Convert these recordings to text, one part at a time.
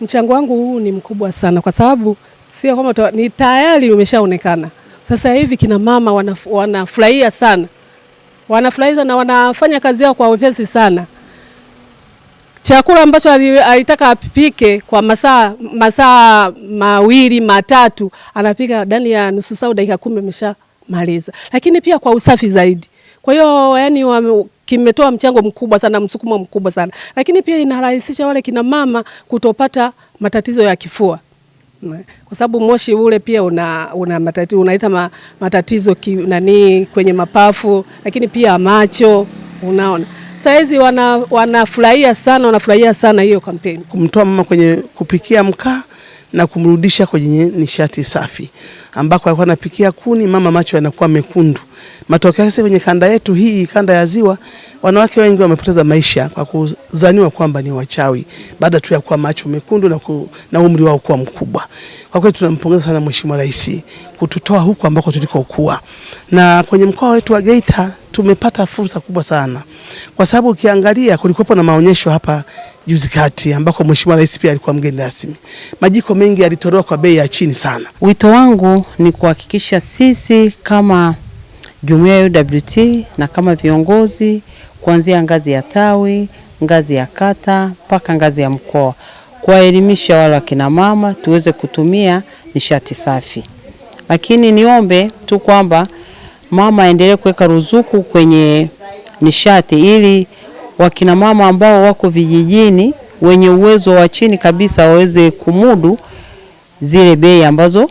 mchango wangu huu ni mkubwa sana, kwa sababu sio kama ni tayari umeshaonekana. Sasa hivi kina mama wanafurahia wanafurahia sana, wanafurahia na wanafanya kazi yao kwa wepesi sana. Chakula ambacho alitaka apike kwa masaa masaa mawili matatu, anapika ndani ya nusu saa, dakika kumi ameshamaliza, lakini pia kwa usafi zaidi. Kwa hiyo yani kimetoa mchango mkubwa sana, msukumo mkubwa sana lakini pia inarahisisha wale kina mama kutopata matatizo ya kifua kwa sababu moshi ule pia una, una matatizo, unaita ma, matatizo ki, nani kwenye mapafu lakini pia macho. Unaona saizi wana, wanafurahia sana wanafurahia sana hiyo kampeni, kumtoa mama kwenye kupikia mkaa na kumrudisha kwenye nishati safi, ambako alikuwa anapikia kuni, mama macho yanakuwa mekundu Matokeo yake kwenye kanda yetu hii, kanda ya Ziwa, wanawake wengi wamepoteza maisha kwa kuzaniwa kwamba ni wachawi baada tu ya kuwa macho mekundu na, ku, na umri wao kuwa mkubwa. Kwa kweli tunampongeza sana Mheshimiwa Rais kututoa huku ambako tulikokuwa, na kwenye mkoa wetu wa Geita tumepata fursa kubwa sana, kwa sababu ukiangalia kulikuwepo na maonyesho hapa juzi kati ambako Mheshimiwa Rais pia alikuwa mgeni rasmi. Majiko mengi yalitolewa kwa bei ya chini sana. Wito wangu ni kuhakikisha sisi kama jumuiya ya UWT na kama viongozi kuanzia ngazi ya tawi, ngazi ya kata mpaka ngazi ya mkoa, kuwaelimisha wale wakina mama tuweze kutumia nishati safi. Lakini niombe tu kwamba mama aendelee kuweka ruzuku kwenye nishati ili wakina mama ambao wako vijijini wenye uwezo wa chini kabisa waweze kumudu zile bei ambazo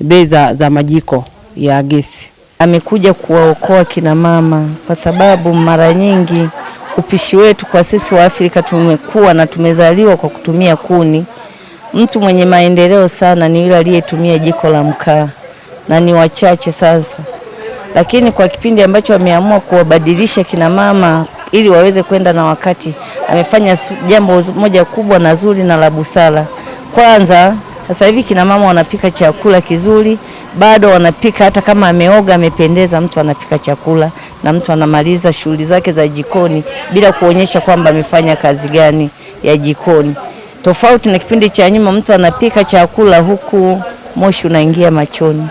bei za, za majiko ya gesi amekuja kuwaokoa kina mama, kwa sababu mara nyingi upishi wetu kwa sisi wa Afrika tumekuwa na tumezaliwa kwa kutumia kuni. Mtu mwenye maendeleo sana ni yule aliyetumia jiko la mkaa, na ni wachache sasa. Lakini kwa kipindi ambacho ameamua kuwabadilisha kina mama ili waweze kwenda na wakati, amefanya jambo moja kubwa na zuri na la busara. Kwanza sasa hivi kina mama wanapika chakula kizuri, bado wanapika hata kama ameoga amependeza, mtu anapika chakula na mtu anamaliza shughuli zake za jikoni bila kuonyesha kwamba amefanya kazi gani ya jikoni, tofauti na kipindi cha nyuma, mtu anapika chakula huku moshi unaingia machoni.